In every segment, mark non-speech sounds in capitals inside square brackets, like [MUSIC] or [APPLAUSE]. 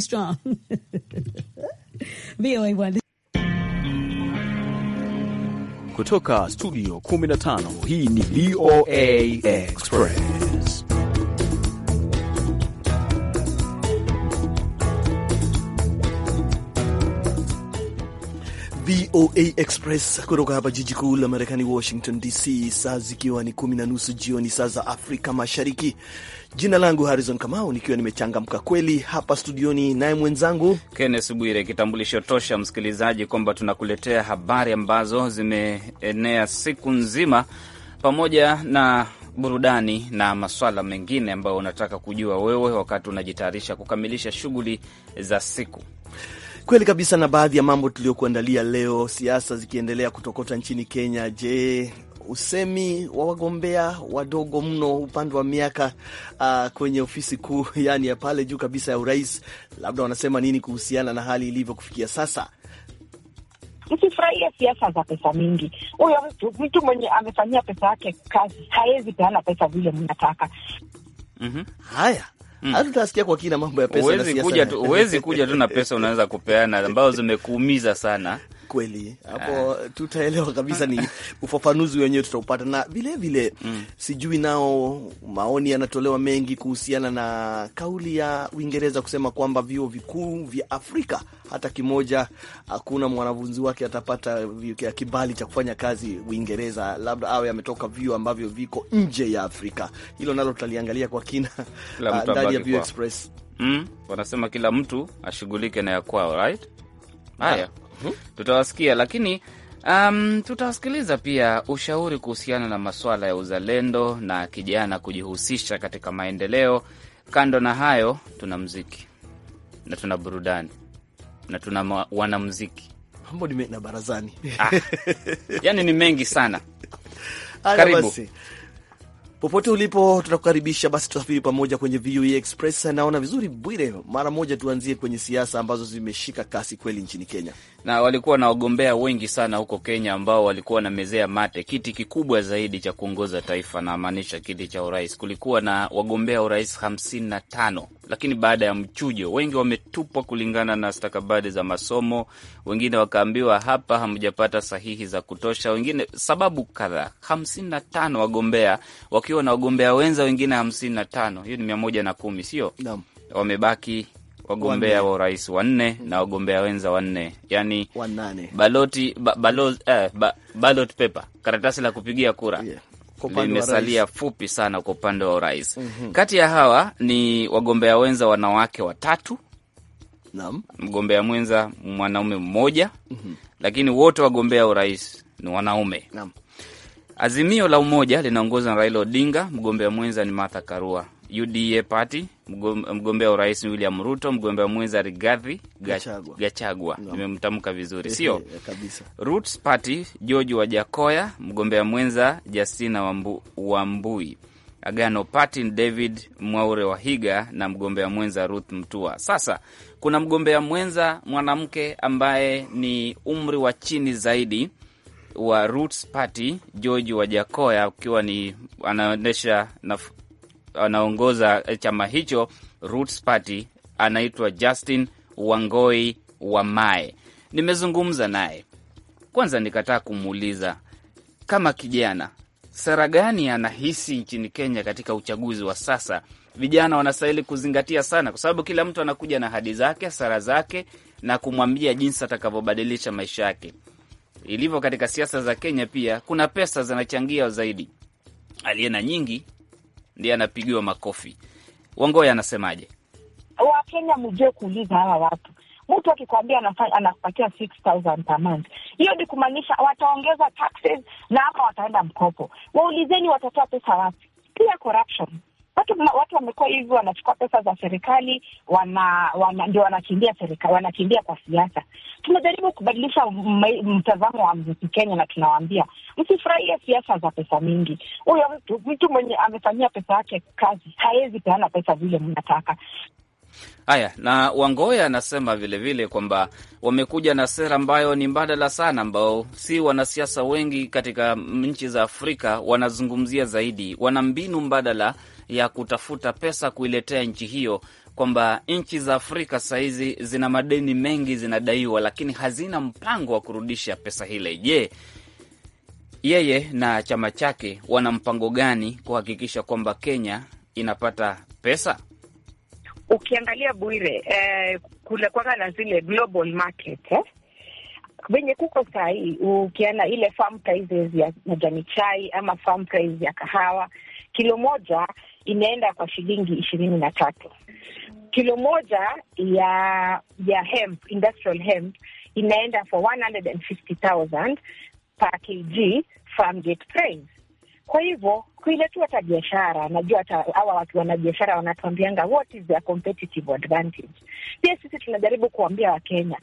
strong. [LAUGHS] VOA one kutoka studio 15 hii ni VOA Express. VOA Express kutoka hapa jiji kuu la Marekani, Washington DC, saa zikiwa ni kumi na nusu jioni, saa za Afrika Mashariki. Jina langu Harrison Kamau, nikiwa nimechangamka kweli hapa studioni, naye mwenzangu kennes Bwire. Kitambulisho tosha, msikilizaji, kwamba tunakuletea habari ambazo zimeenea siku nzima, pamoja na burudani na maswala mengine ambayo unataka kujua wewe wakati unajitayarisha kukamilisha shughuli za siku. Kweli kabisa. Na baadhi ya mambo tuliyokuandalia leo, siasa zikiendelea kutokota nchini Kenya. Je, usemi wa wagombea wadogo mno upande wa miaka uh, kwenye ofisi kuu, [LAUGHS] yani ya pale juu kabisa ya urais, labda wanasema nini kuhusiana na hali ilivyo kufikia sasa? Msifurahie siasa za pesa mingi. Huyo mtu mtu mwenye amefanyia pesa yake kazi hawezi peana pesa vile mnataka. mm -hmm. Haya. Mm. hatutasikia kwa kina mambo ya pesa. Huwezi kuja tu na pesa [LAUGHS] unaweza kupeana ambazo zimekuumiza sana kweli ah. hapo ah. Tutaelewa kabisa ni [LAUGHS] ufafanuzi wenyewe tutaupata, na vilevile mm. Sijui nao maoni yanatolewa mengi kuhusiana na kauli ya Uingereza kusema kwamba vyuo vikuu vya Afrika hata kimoja hakuna mwanafunzi wake atapata kibali cha kufanya kazi Uingereza, labda awe ametoka vyuo ambavyo viko nje ya Afrika. Hilo nalo tutaliangalia kwa kina ah, ndani ya View Express. Mm, wanasema kila mtu ashughulike na ya kwao, right? Haya. Ah. Hmm? Tutawasikia, lakini um, tutawasikiliza pia ushauri kuhusiana na masuala ya uzalendo na kijana kujihusisha katika maendeleo. Kando na hayo, tuna mziki na tuna burudani na tuna wanamziki mambo ni na barazani ah, yani ni mengi sana. [LAUGHS] Karibu basi. Popote ulipo tutakukaribisha basi, tusafiri pamoja kwenye VOA e Express. Naona vizuri Bwire, mara moja tuanzie kwenye siasa ambazo zimeshika kasi kweli nchini Kenya, na walikuwa na wagombea wengi sana huko Kenya ambao walikuwa na mezea mate kiti kikubwa zaidi cha kuongoza taifa, namaanisha kiti cha urais. Kulikuwa na wagombea urais hamsini na tano, lakini baada ya mchujo wengi wametupwa kulingana na stakabadhi za masomo, wengine wakaambiwa hapa hamjapata sahihi za kutosha, wengine sababu kadhaa. hamsini na tano wagombea wak ukiwa na wagombea wenza wengine hamsini na tano hiyo ni mia moja na kumi sio? Wamebaki wagombea wa urais wanne na wagombea wenza wanne, yani wanane. Baloti, ba, balo, eh, ba, ballot paper, karatasi la kupigia kura yeah limesalia fupi sana kwa upande wa urais. mm -hmm. Kati ya hawa ni wagombea wenza wanawake watatu, naam, mgombea mwenza mwanaume mmoja. mm -hmm. Lakini wote wagombea urais ni wanaume naam. Azimio la Umoja linaongozwa na Raila Odinga, mgombea mwenza ni Martha Karua. UDA Party mgombea urais William Ruto, mgombea mwenza Rigathi Gachagua, Gachagua. No. Nimemtamka vizuri sio? Eh, Roots Party George Wajakoya, mgombea mwenza Justina Wambu, Wambui. Agano Party David Mwaure Wahiga na mgombea mwenza Ruth Mtua. Sasa kuna mgombea mwenza mwanamke ambaye ni umri wa chini zaidi wa Roots Party George Wajakoya akiwa ni anaendesha anaongoza chama hicho Roots Party, anaitwa Justin Wangoi Mae. Nimezungumza naye kwanza, nikataa kumuuliza kama kijana sera gani anahisi nchini Kenya katika uchaguzi wa sasa vijana wanastahili kuzingatia sana, kwa sababu kila mtu anakuja na hadi zake, sera zake na kumwambia jinsi atakavyobadilisha maisha yake ilivyo katika siasa za Kenya pia kuna pesa zinachangia zaidi. Aliye na nyingi ndiye anapigiwa makofi. Wangoya anasemaje? Wakenya mjue kuuliza hawa watu. Mtu akikwambia anakupatia 6000 per month, hiyo ni kumaanisha wataongeza taxes na hapa wataenda mkopo. Waulizeni watatoa pesa wapi? Pia corruption watu watu wamekuwa hivi, wanachukua pesa za serikali, wana, wana, ndio wanakimbia serikali, wanakimbia kwa siasa. Tumejaribu kubadilisha mtazamo wa mzizi Kenya, na tunawaambia msifurahie siasa za pesa mingi. Huyo mtu mtu mwenye amefanyia pesa yake kazi hawezi peana pesa vile mnataka. Haya, na Wangoya anasema vilevile kwamba wamekuja na sera ambayo ni mbadala sana, ambao si wanasiasa wengi katika nchi za Afrika wanazungumzia zaidi. Wana mbinu mbadala ya kutafuta pesa kuiletea nchi hiyo, kwamba nchi za Afrika sahizi zina madeni mengi zinadaiwa, lakini hazina mpango wa kurudisha pesa hile Je, yeye na chama chake wana mpango gani kuhakikisha kwamba Kenya inapata pesa? ukiangalia Bwire, eh, kule kwanga na zile global market eh? venye kuko sahii, ukiana ile farm prices ya majani chai ama farm price ya kahawa, kilo moja inaenda kwa shilingi ishirini na tatu. Kilo moja ya ya hemp, industrial hemp inaenda for 150,000 per kg farm gate price. Kwa hivyo kuile tu hata biashara, najua hata hawa watu wana biashara wanatuambianga what is their competitive advantage. Pia sisi tunajaribu kuambia Wakenya,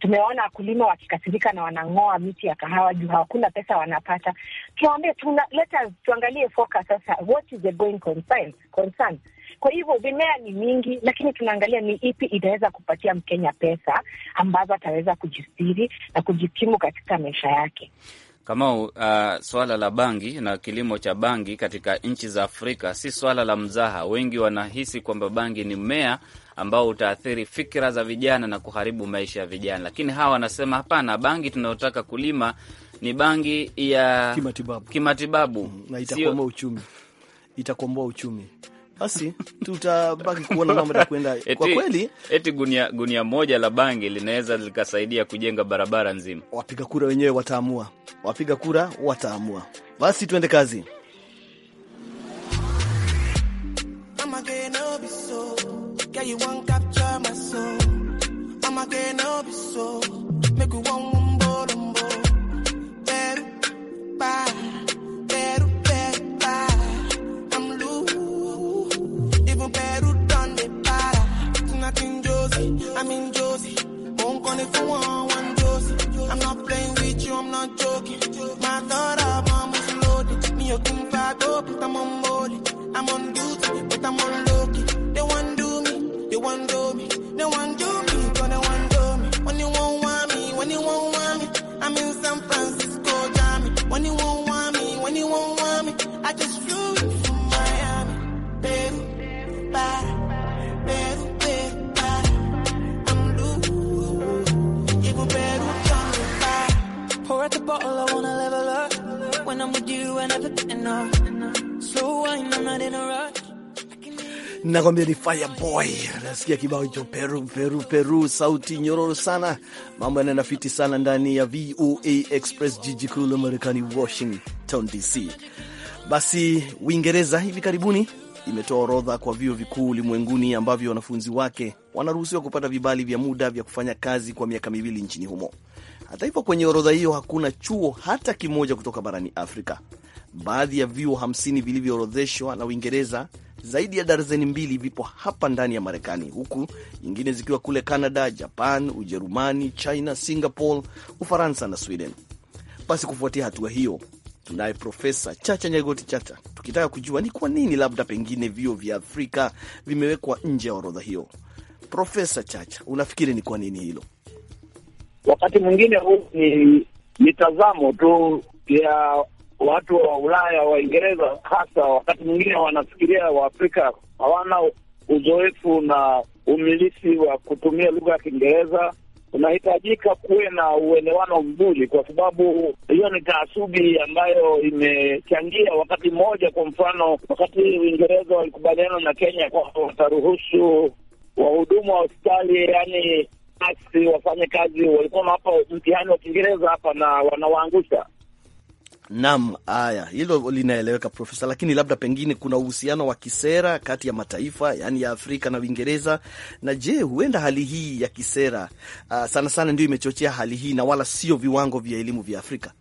tumewaona wakulima wakikasirika na wanang'oa miti ya kahawa juu hawakuna pesa wanapata. Tunawaambia tuna, let us tuangalie focus sasa, what is the going concern, concern. Kwa hivyo mimea ni mingi, lakini tunaangalia ni ipi itaweza kupatia Mkenya pesa ambazo ataweza kujistiri na kujikimu katika maisha yake. Kamau, uh, swala la bangi na kilimo cha bangi katika nchi za Afrika si swala la mzaha. Wengi wanahisi kwamba bangi ni mmea ambao utaathiri fikira za vijana na kuharibu maisha ya vijana, lakini hawa wanasema hapana, bangi tunayotaka kulima ni bangi ya kimatibabu, kimatibabu. Mm, na itakomboa uchumi, itakwamboa uchumi basi tutabaki kuona mambo kwenda [LAUGHS] kwa kweli. Eti gunia, gunia moja la bangi linaweza likasaidia kujenga barabara nzima. Wapiga kura wenyewe wataamua, wapiga kura wataamua. Basi tuende kazi. I'm gonna want one dose. I'm not playing with you, I'm not joking. My daughter mom is loaded. Me, you can fight up, oh, but I'm on molly. I'm on duty, but I'm on lucky. They want do me, they want do me, they want do me, gonna want do me. When you won't want me, when you won't want me, I'm in some Nakwambia ni boy, nasikia kibao hicho Peru Peru Peru, sauti nyororo sana, mambo yanaenda fiti sana ndani ya VOA Express, jiji kuu la Marekani, Washington DC. Basi Uingereza hivi karibuni imetoa orodha kwa vyuo vikuu ulimwenguni ambavyo wanafunzi wake wanaruhusiwa kupata vibali vya muda vya kufanya kazi kwa miaka miwili nchini humo. Hata hivyo, kwenye orodha hiyo hakuna chuo hata kimoja kutoka barani Afrika. Baadhi ya vyuo hamsini vilivyoorodheshwa na Uingereza, zaidi ya darzeni mbili vipo hapa ndani ya Marekani, huku nyingine zikiwa kule Canada, Japan, Ujerumani, China, Singapore, Ufaransa na Sweden. Basi kufuatia hatua hiyo tunaye Profesa Chacha Nyagoti Chacha tukitaka kujua ni kwa nini labda pengine vyuo vya Afrika vimewekwa nje ya orodha hiyo. Profesa Chacha, unafikiri ni kwa nini hilo? Wakati mwingine huu ni mitazamo tu ya watu wa Ulaya, Waingereza hasa, wakati mwingine wanafikiria Waafrika hawana uzoefu na umilisi wa kutumia lugha ya Kiingereza. Unahitajika kuwe na uelewano mzuri, kwa sababu hiyo ni taasubi ambayo imechangia wakati mmoja. Kwa mfano, wakati Uingereza walikubaliana na Kenya kwamba wataruhusu wahudumu wa hospitali, yani asi wafanye kazi, walikuwa hapa mtihani wa Kiingereza hapa na wanawaangusha Naam, haya, hilo linaeleweka Profesa, lakini labda pengine kuna uhusiano wa kisera kati ya mataifa yaani ya Afrika na Uingereza, na je, huenda hali hii ya kisera uh, sana sana ndio imechochea hali hii na wala sio viwango vya elimu vya Afrika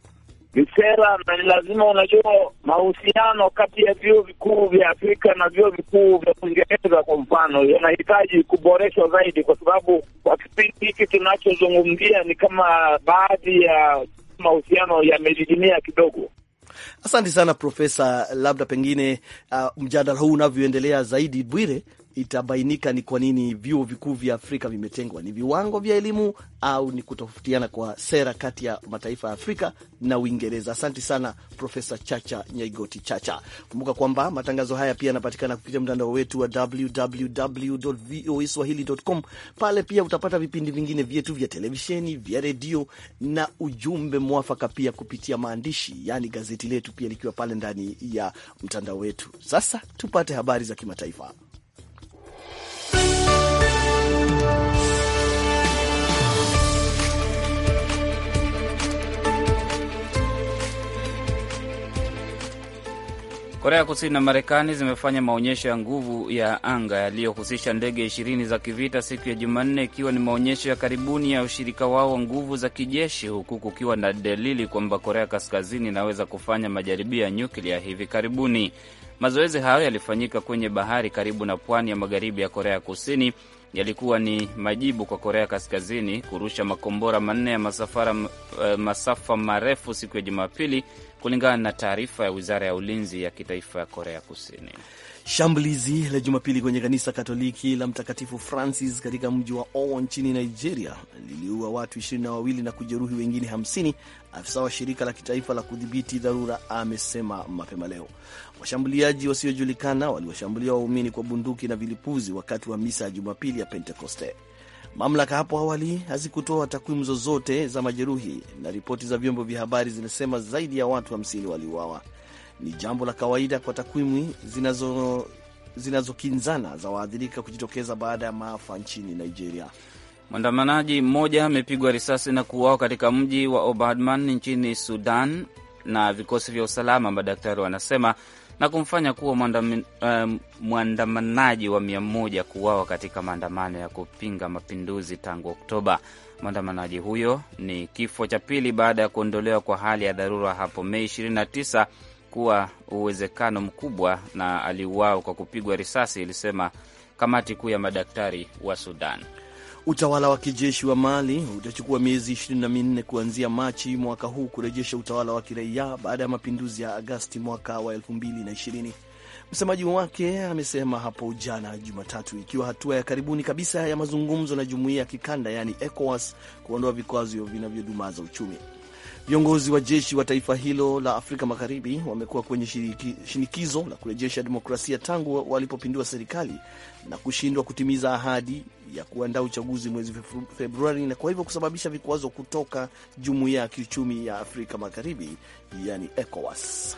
kisera? Na ni lazima, unajua mahusiano kati ya vyuo vikuu vya Afrika na vyuo vikuu vya Uingereza kwa mfano yanahitaji kuboreshwa zaidi, kwa sababu kwa kipindi hiki tunachozungumzia ni kama baadhi ya mahusiano yamedidimia kidogo. Asante sana Profesa, labda pengine uh, mjadala huu unavyoendelea zaidi, Bwire, itabainika ni kwa nini vyuo vikuu vya Afrika vimetengwa. Ni viwango vya elimu au ni kutofautiana kwa sera kati ya mataifa ya Afrika na Uingereza? Asante sana Profesa Chacha Nyaigoti Chacha. Kumbuka kwamba matangazo haya pia yanapatikana kupitia mtandao wetu wa www voa swahili.com. Pale pia utapata vipindi vingine vyetu vya televisheni, vya redio na ujumbe mwafaka pia kupitia maandishi, yani gazeti letu pia likiwa pale ndani ya mtandao wetu. Sasa tupate habari za kimataifa. Korea Kusini na Marekani zimefanya maonyesho ya nguvu ya anga yaliyohusisha ndege ishirini za kivita siku ya Jumanne, ikiwa ni maonyesho ya karibuni ya ushirika wao wa nguvu za kijeshi, huku kukiwa na dalili kwamba Korea Kaskazini inaweza kufanya majaribio ya nyuklia hivi karibuni. Mazoezi hayo yalifanyika kwenye bahari karibu na pwani ya magharibi ya Korea Kusini. Yalikuwa ni majibu kwa Korea Kaskazini kurusha makombora manne ya masafara, eh, masafa marefu siku ya Jumapili kulingana na taarifa ya wizara ya ulinzi ya kitaifa ya Korea Kusini. Shambulizi la Jumapili kwenye kanisa Katoliki la Mtakatifu Francis katika mji wa Owo nchini Nigeria liliua watu ishirini na wawili na kujeruhi wengine hamsini, afisa wa shirika la kitaifa la kudhibiti dharura amesema mapema leo. Washambuliaji wasiojulikana waliwashambulia waumini kwa bunduki na vilipuzi wakati wa misa ya Jumapili ya Pentekoste. Mamlaka hapo awali hazikutoa takwimu zozote za majeruhi, na ripoti za vyombo vya habari zinasema zaidi ya watu 50 wa waliuawa. Ni jambo la kawaida kwa takwimu zinazo zinazokinzana za waathirika kujitokeza baada ya maafa nchini Nigeria. Mwandamanaji mmoja amepigwa risasi na kuuawa katika mji wa Obadman nchini Sudan, na vikosi vya usalama, madaktari wanasema na kumfanya kuwa eh, mwandamanaji um, wa mia moja kuwawa katika maandamano ya kupinga mapinduzi tangu Oktoba. Mwandamanaji huyo ni kifo cha pili baada ya kuondolewa kwa hali ya dharura hapo Mei 29 kuwa uwezekano mkubwa na aliuawa kwa kupigwa risasi, ilisema kamati kuu ya madaktari wa Sudan. Utawala wa kijeshi wa Mali utachukua miezi 24 kuanzia Machi mwaka huu kurejesha utawala wa kiraia baada ya mapinduzi ya Agasti mwaka wa 2020. Msemaji wake amesema hapo jana Jumatatu, ikiwa hatua ya karibuni kabisa ya mazungumzo na jumuiya ya kikanda, yaani ECOWAS, kuondoa vikwazo vinavyodumaza uchumi. Viongozi wa jeshi wa taifa hilo la Afrika Magharibi wamekuwa kwenye shinikizo la kurejesha demokrasia tangu walipopindua serikali na kushindwa kutimiza ahadi ya kuandaa uchaguzi mwezi Februari na kwa hivyo kusababisha vikwazo kutoka jumuiya ya kiuchumi ya Afrika Magharibi, yani ECOWAS.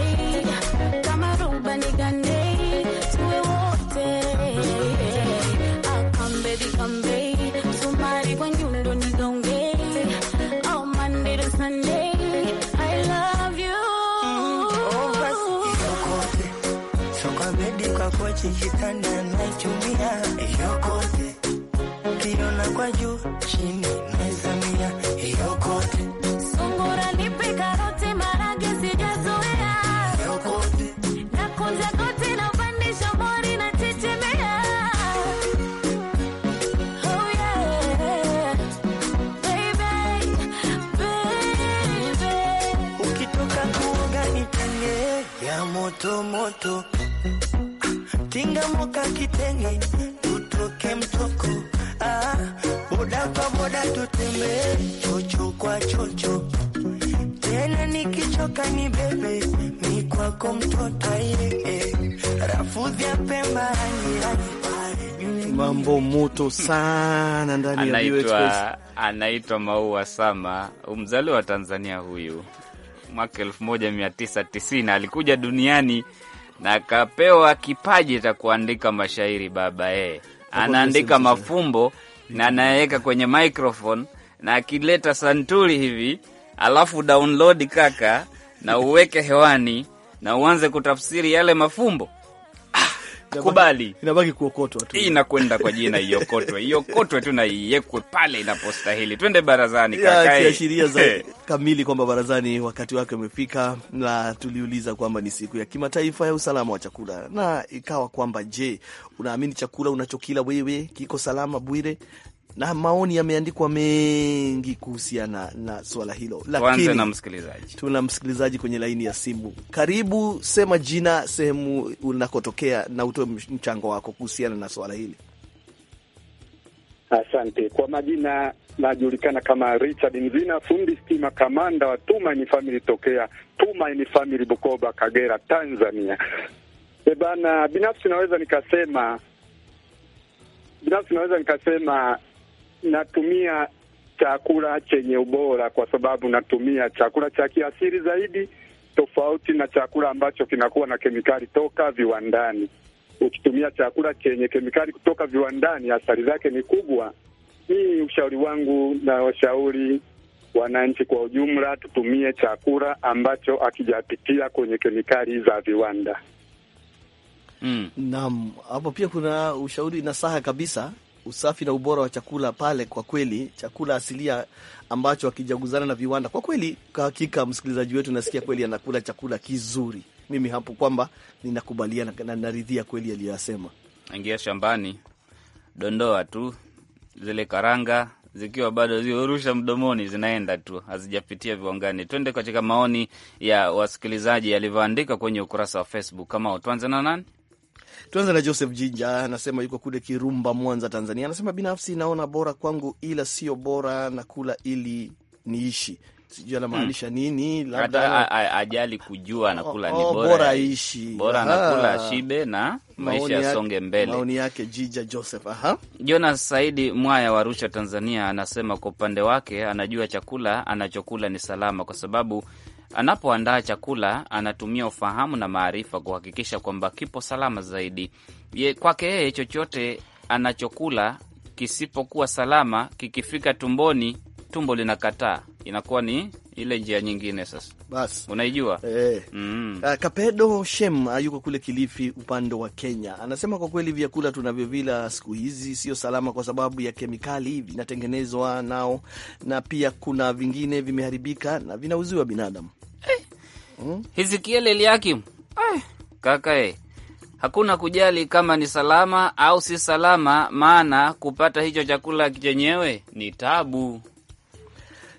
moto moto, tinga moka kitenge tutoke mtoko, ah, boda kwa boda tutembee chocho kwa chocho, tena nikichoka ni bebe mi kwako mtoto aye, eh, eh. rafudhi ya Pemba mambo moto sana ndani ya anaitwa anaitwa Maua Sama, umzali wa Tanzania huyu mwaka 1990 alikuja duniani na akapewa kipaji cha kuandika mashairi. Baba yeye anaandika mafumbo na anaweka kwenye microphone na akileta santuri hivi, alafu download kaka, na uweke hewani na uanze kutafsiri yale mafumbo kubali, inabaki kuokotwa tu, inakwenda kwa jina iokotwe, iokotwe tu na iyekwe pale inapostahili. Twende barazani, kiashiria za [LAUGHS] kamili kwamba barazani wakati wake umefika, na tuliuliza kwamba ni siku ya kimataifa ya usalama wa chakula, na ikawa kwamba je, unaamini chakula unachokila wewe kiko salama, Bwire? na maoni yameandikwa mengi kuhusiana na swala hilo, lakini msikilizaji. tuna msikilizaji kwenye laini ya simu. Karibu, sema jina, sehemu unakotokea na utoe mchango wako kuhusiana na swala hili. Asante. Kwa majina najulikana kama Richard Mzina, fundi stima, kamanda wa Tumaini Family tokea Tumaini Family Bukoba, Kagera, Tanzania. E bana, binafsi naweza nikasema binafsi naweza nikasema natumia chakula chenye ubora, kwa sababu natumia chakula cha kiasili zaidi, tofauti na chakula ambacho kinakuwa na kemikali toka viwandani. Ukitumia chakula chenye kemikali kutoka viwandani, athari zake ni kubwa. Hii ushauri wangu na washauri wananchi kwa ujumla, tutumie chakula ambacho hakijapitia kwenye kemikali za viwanda. Mm. Naam, hapo pia kuna ushauri nasaha kabisa usafi na ubora wa chakula pale, kwa kweli chakula asilia ambacho akijaguzana na viwanda. Kwa kweli, kwa hakika, msikilizaji wetu nasikia kweli anakula chakula kizuri. Mimi hapo kwamba ninakubaliana na naridhia kweli aliyoyasema. Ingia shambani, dondoa tu zile karanga zikiwa bado ziorusha mdomoni, zinaenda tu, hazijapitia viwangani. Twende katika maoni ya wasikilizaji yalivyoandika kwenye ukurasa wa Facebook. Kama tuanze na nani? Tuanze na Joseph Jinja, anasema yuko kule Kirumba, Mwanza, Tanzania. Anasema binafsi naona bora kwangu, ila sio bora na kula ili niishi. Sijui anamaanisha hmm, nini, labda ajali kujua anakula oh, ni oh, bora aishi, bora anakula shibe na maisha yasonge mbele. Maoni yake Jija Joseph. Aha. Jonas Saidi Mwaya wa Arusha, Tanzania, anasema kwa upande wake anajua chakula anachokula ni salama, kwa sababu Anapoandaa chakula anatumia ufahamu na maarifa kuhakikisha kwamba kipo salama zaidi. Ye, kwake yeye chochote anachokula kisipokuwa salama kikifika tumboni, tumbo linakataa, inakuwa ni ile njia nyingine sasa, bas unaijua e. Mm. Ah, Kapedo Shem ah, yuko kule Kilifi upande wa Kenya, anasema kwa kweli vyakula tunavyovila siku hizi sio salama kwa sababu ya kemikali vinatengenezwa nao, na pia kuna vingine vimeharibika na vinauziwa binadamu. Hizikiel hmm? Eliakim kakae, hakuna kujali kama ni salama au si salama, maana kupata hicho chakula chenyewe ni tabu.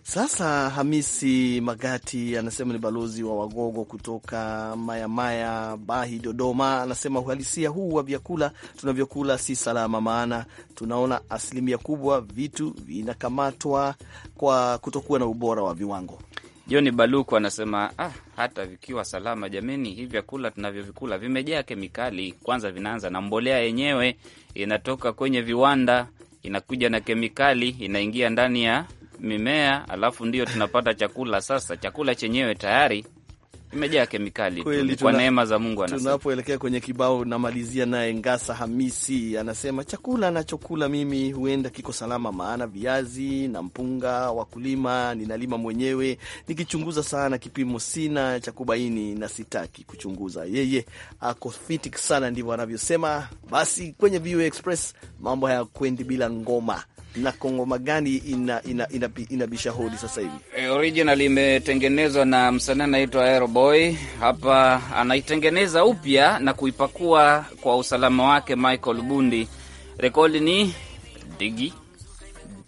Sasa Hamisi Magati anasema ni balozi wa Wagogo kutoka Mayamaya Bahi, Dodoma. Anasema uhalisia huu wa vyakula tunavyokula si salama, maana tunaona asilimia kubwa vitu vinakamatwa kwa kutokuwa na ubora wa viwango. John Baluku anasema ah, hata vikiwa salama jameni, hivi vyakula tunavyovikula vimejaa kemikali. Kwanza vinaanza na mbolea yenyewe, inatoka kwenye viwanda, inakuja na kemikali, inaingia ndani ya mimea, alafu ndio tunapata chakula. Sasa chakula chenyewe tayari imejaa kemikali kweli, kwa neema za Mungu. Anasema tunapoelekea kwenye kibao, namalizia naye Ngasa Hamisi anasema chakula anachokula mimi huenda kiko salama, maana viazi na mpunga wakulima ninalima mwenyewe, nikichunguza sana kipimo sina cha kubaini na sitaki kuchunguza. Yeye ako fitik sana, ndivyo anavyosema. Basi kwenye VOA Express mambo hayakwendi bila ngoma na kongoma gani inabisha ina, ina, ina, hodi sasa hivi? E, original imetengenezwa na msanii anaitwa Aeroboy. Hapa anaitengeneza upya na kuipakua kwa usalama wake Michael Bundi. Rekodi ni digi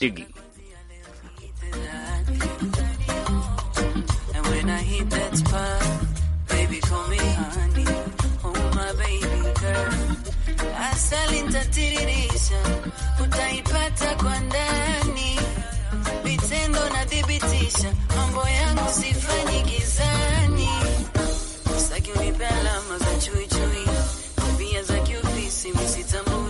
digi naipata kwa ndani, vitendo nathibitisha, mambo yangu sifanyi gizani, saki unipe alama za chui chui, tabia za kiofisi msitamu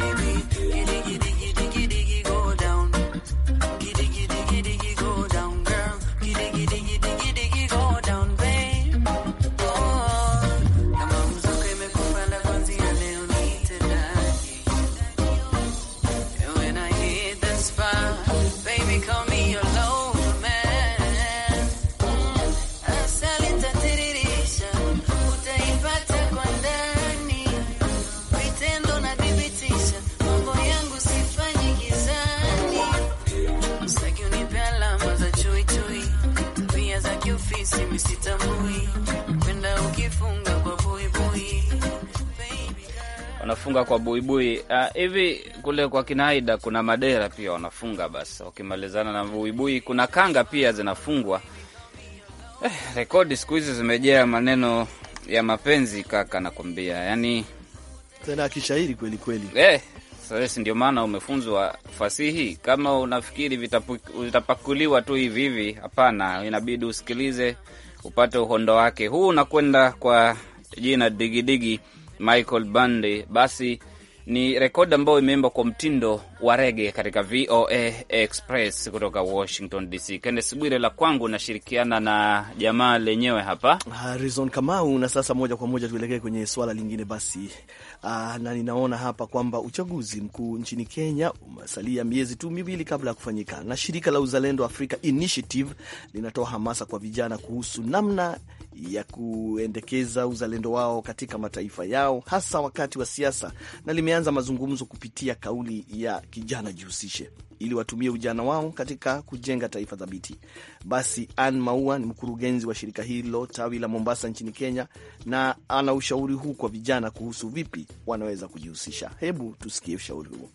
baby. kufunga kwa buibui ah, hivi. Uh, kule kwa kinaida kuna madera pia wanafunga, basi wakimalizana na buibui kuna kanga pia zinafungwa. Eh, rekodi siku hizi zimejaa maneno ya mapenzi kaka, nakwambia yani tena akishairi kweli kweli. Eh, sasa ndio maana umefunzwa fasihi. Kama unafikiri vitapakuliwa tu hivi hivi, hapana, inabidi usikilize upate uhondo wake. Huu unakwenda kwa jina digidigi digi. Michael Bublé. Basi ni rekodi ambayo imeimba kwa mtindo wa rege katika VOA Express kutoka Washington DC. Kennes Bwire la kwangu, nashirikiana na jamaa lenyewe hapa Harrison Kamau. Na sasa moja kwa moja tuelekee kwenye swala lingine basi. Aa, ah, na ninaona hapa kwamba uchaguzi mkuu nchini Kenya umesalia miezi tu miwili kabla ya kufanyika, na shirika la Uzalendo Africa Initiative linatoa hamasa kwa vijana kuhusu namna ya kuendekeza uzalendo wao katika mataifa yao hasa wakati wa siasa, na limeanza mazungumzo kupitia kauli ya kijana jihusishe, ili watumie ujana wao katika kujenga taifa thabiti. Basi Ann Maua ni mkurugenzi wa shirika hilo tawi la Mombasa nchini Kenya, na ana ushauri huu kwa vijana kuhusu vipi wanaweza kujihusisha. Hebu tusikie ushauri huo.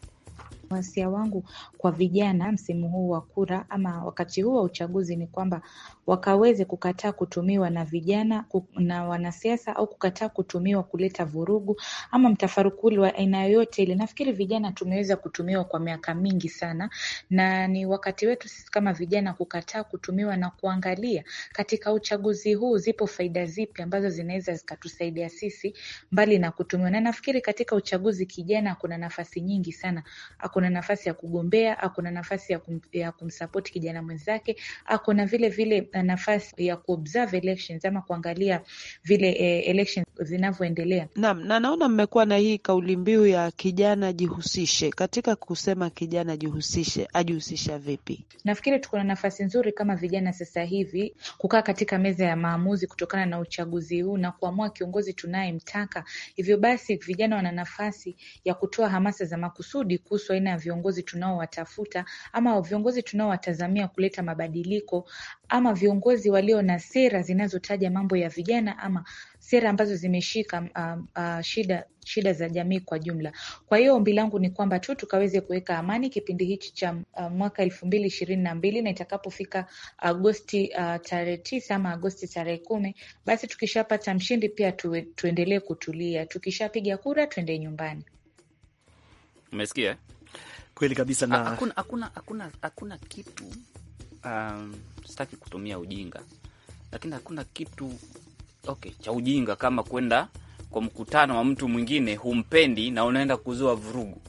Wasia wangu kwa vijana msimu huu wa kura ama wakati huu wa uchaguzi ni kwamba wakaweze kukataa kutumiwa na vijana na wanasiasa au kukataa kutumiwa kuleta vurugu ama mtafarukuli wa aina yoyote ile. Nafikiri vijana tumeweza kutumiwa kwa miaka mingi sana, na ni wakati wetu sisi kama vijana kukataa kutumiwa na kuangalia katika uchaguzi huu zipo faida zipi ambazo zinaweza zikatusaidia sisi mbali na kutumiwa. Na nafikiri katika uchaguzi kijana kuna nafasi nyingi sana, akuna nafasi ya kugombea, akuna nafasi ya, kum, ya kumsapoti kijana mwenzake, akuna vile vile nafasi ya kuobserve elections ama kuangalia vile eh, elections zinavyoendelea. Naam, na naona mmekuwa na hii kauli mbiu ya kijana jihusishe. Katika kusema kijana jihusishe, ajihusisha vipi? Nafikiri tuko na nafasi nzuri kama vijana sasa hivi kukaa katika meza ya maamuzi kutokana na uchaguzi huu na kuamua kiongozi tunayemtaka. Hivyo basi, vijana wana nafasi ya kutoa hamasa za makusudi kuhusu aina ya viongozi tunaowatafuta ama viongozi tunaowatazamia kuleta mabadiliko ama viongozi walio na sera zinazotaja mambo ya vijana ama sera ambazo zimeshika uh, uh, shida shida za jamii kwa jumla. Kwa hiyo ombi langu ni kwamba tu tukaweze kuweka amani kipindi hichi cha uh, mwaka elfu mbili ishirini na mbili na itakapofika Agosti uh, tarehe tisa ama Agosti tarehe kumi, basi tukishapata mshindi pia tuwe, tuendelee kutulia. Tukishapiga kura tuende nyumbani. Umesikia kweli kabisa na... hakuna, hakuna, hakuna, hakuna kitu um, sitaki kutumia ujinga, lakini hakuna kitu okay cha ujinga kama kwenda kwa mkutano wa mtu mwingine humpendi na unaenda kuzua vurugu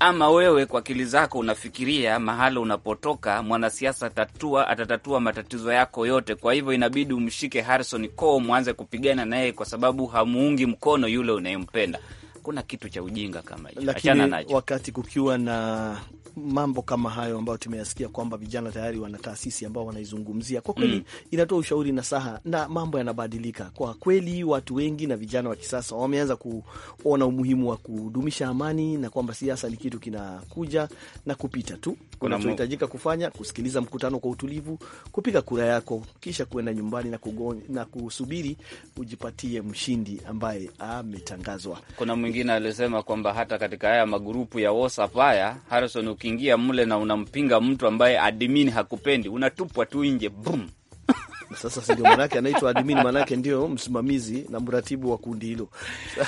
ama wewe kwa akili zako unafikiria mahala unapotoka mwanasiasa tatua atatatua matatizo yako yote. Kwa hivyo inabidi umshike Harrison co mwanze kupigana naye, kwa sababu hamuungi mkono yule unayempenda hakuna kitu cha ujinga kama hicho, achana nacho. Wakati kukiwa na mambo kama hayo ambayo tumeyasikia kwamba vijana tayari wana taasisi ambao wanaizungumzia kwa kweli, mm. inatoa ushauri na saha, na mambo yanabadilika kwa kweli. Watu wengi na vijana wa kisasa wameanza kuona umuhimu wa kudumisha amani na kwamba siasa ni kitu kinakuja na kupita tu. Unachohitajika kufanya kusikiliza mkutano kwa utulivu, kupiga kura yako, kisha kuenda nyumbani na, kugon, na kusubiri ujipatie mshindi ambaye ametangazwa. Kuna mwingine alisema kwamba hata katika haya magrupu ya WhatsApp haya, Harrison, ukiingia mle na unampinga mtu ambaye admin hakupendi, unatupwa tu nje bum. [LAUGHS] Sasa sindio, manake anaitwa admin, manake ndio msimamizi na mratibu wa kundi hilo.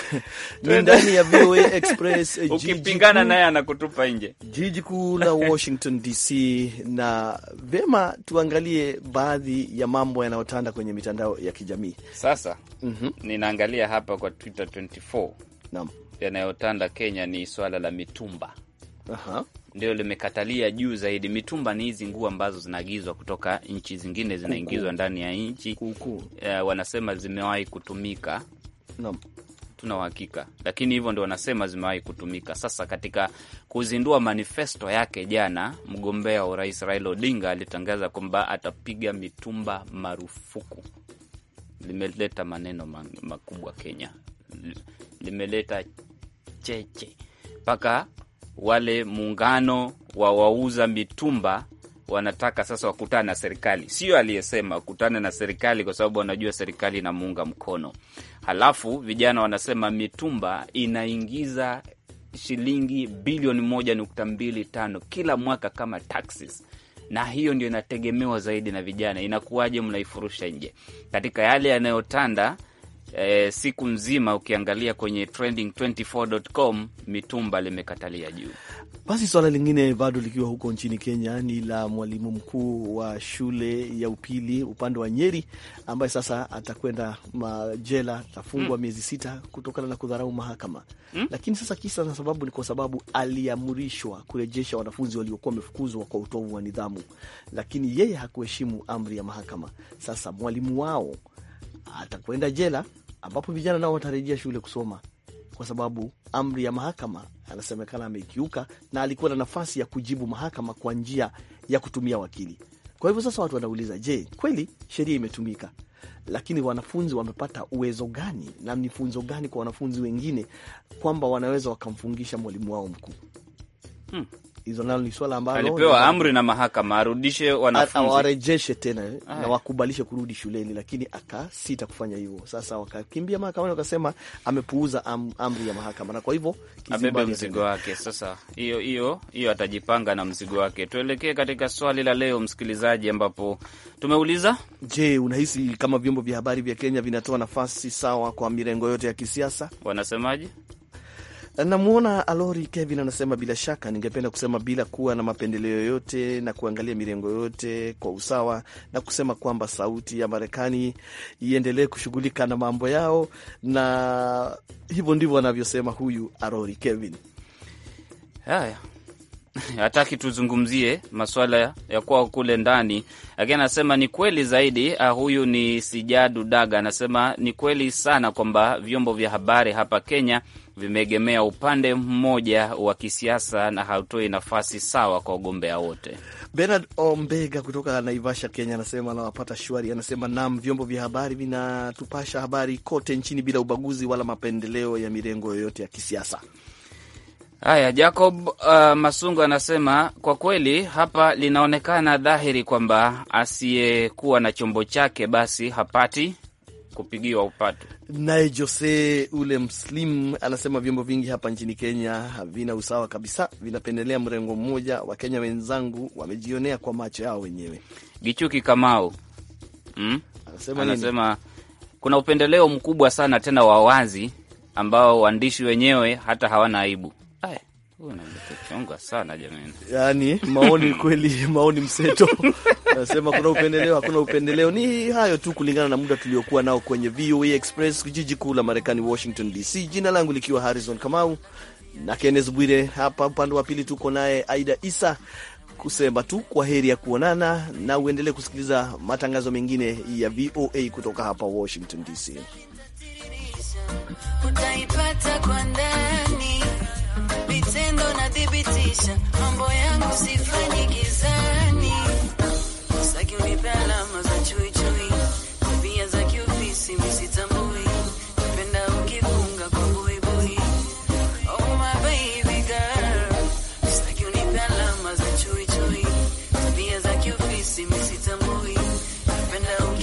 [LAUGHS] Ni ndani ya VOA Express, [LAUGHS] ukipingana naye anakutupa nje. Jiji kuu la Washington DC, na vema tuangalie baadhi ya mambo yanayotanda kwenye mitandao ya kijamii sasa. mm -hmm. Ninaangalia hapa kwa Twitter 24 Naam. yanayotanda Kenya ni swala la mitumba. Aha. Ndio limekatalia juu zaidi. Mitumba ni hizi nguo ambazo zinaagizwa kutoka nchi zingine zinaingizwa ndani ya nchi. Uh, wanasema zimewahi kutumika. Naam. Tuna uhakika, lakini hivyo ndio wanasema zimewahi kutumika. Sasa katika kuzindua manifesto yake jana, mgombea wa urais Raila Odinga alitangaza kwamba atapiga mitumba marufuku. Limeleta maneno makubwa Kenya limeleta cheche mpaka wale muungano wa wauza mitumba wanataka sasa wakutane na serikali. Sio aliyesema wakutane na serikali, kwa sababu wanajua serikali inamuunga mkono. Halafu vijana wanasema mitumba inaingiza shilingi bilioni moja nukta mbili tano kila mwaka kama taxes, na hiyo ndio inategemewa zaidi na vijana. Inakuwaje mnaifurusha nje katika yale yanayotanda e, siku nzima ukiangalia kwenye trending24.com mitumba limekatalia juu. Basi swala lingine bado likiwa huko nchini Kenya ni la mwalimu mkuu wa shule ya upili upande wa Nyeri ambaye sasa atakwenda majela, atafungwa mm. miezi sita kutokana na kudharau mahakama mm. Lakini sasa kisa na sababu ni kwa sababu aliamrishwa kurejesha wanafunzi waliokuwa wamefukuzwa kwa utovu wa nidhamu, lakini yeye hakuheshimu amri ya mahakama. Sasa mwalimu wao atakwenda jela ambapo vijana nao watarejea shule kusoma kwa sababu amri ya mahakama anasemekana ameikiuka, na alikuwa na nafasi ya kujibu mahakama kwa njia ya kutumia wakili. Kwa hivyo sasa watu wanauliza, je, kweli sheria imetumika? Lakini wanafunzi wamepata uwezo gani na ni funzo gani kwa wanafunzi wengine kwamba wanaweza wakamfungisha mwalimu wao mkuu? hmm hizo, nalo ni swala ambalo alipewa amri na mahakama arudishe wanafunzi, warejeshe tena Aye, eh, na wakubalishe kurudi shuleni, lakini akasita kufanya hivyo. Sasa wakakimbia mahakamani, wakasema amepuuza am, amri ya mahakama, na kwa hivyo abebe mzigo wake. Sasa hiyo hiyo hiyo, atajipanga na mzigo wake. Tuelekee katika swali la leo, msikilizaji, ambapo tumeuliza, je, unahisi kama vyombo vya habari vya Kenya vinatoa nafasi sawa kwa mirengo yote ya kisiasa? Wanasemaje? Namwona Alori Kevin anasema, bila shaka ningependa kusema bila kuwa na mapendeleo yoyote na kuangalia mirengo yote kwa usawa, na kusema kwamba sauti ya Marekani iendelee kushughulika na mambo yao, na hivyo ndivyo anavyosema huyu Alori Kevin. Haya, hataki tuzungumzie maswala ya kuwa kule ndani, lakini anasema ni kweli zaidi. Ah, huyu ni Sijadu Daga anasema ni kweli sana kwamba vyombo vya habari hapa Kenya vimeegemea upande mmoja wa kisiasa na hautoi nafasi sawa kwa wagombea wote. Bernard Ombega kutoka Naivasha, Kenya anasema anawapata shwari. Anasema nam, vyombo vya habari vinatupasha habari kote nchini bila ubaguzi wala mapendeleo ya mirengo yoyote ya kisiasa. Haya, Jacob uh, Masungu anasema kwa kweli hapa linaonekana dhahiri kwamba asiyekuwa na chombo chake basi hapati kupigiwa upatu. Naye Jose ule Mslim anasema vyombo vingi hapa nchini Kenya havina usawa kabisa, vinapendelea mrengo mmoja. Wakenya wenzangu wamejionea kwa macho yao wenyewe. Gichuki Kamau hmm? anasema, anasema kuna upendeleo mkubwa sana tena wa wazi ambao waandishi wenyewe hata hawana aibu. Ay. sana jamani, yani maoni kweli, maoni mseto [LAUGHS] nasema kuna upendeleo, hakuna upendeleo. Ni hayo tu kulingana na muda tuliokuwa nao kwenye VOA e Express, jiji kuu la Marekani, Washington DC. Jina langu likiwa Harrison Kamau na Kennes Bwire. Hapa upande wa pili tuko naye Aida Isa, kusema tu kwa heri ya kuonana, na uendelee kusikiliza matangazo mengine ya VOA e kutoka hapa Washington DC unathibitisha mambo yangu sifanyi gizani, sitaki unipe alama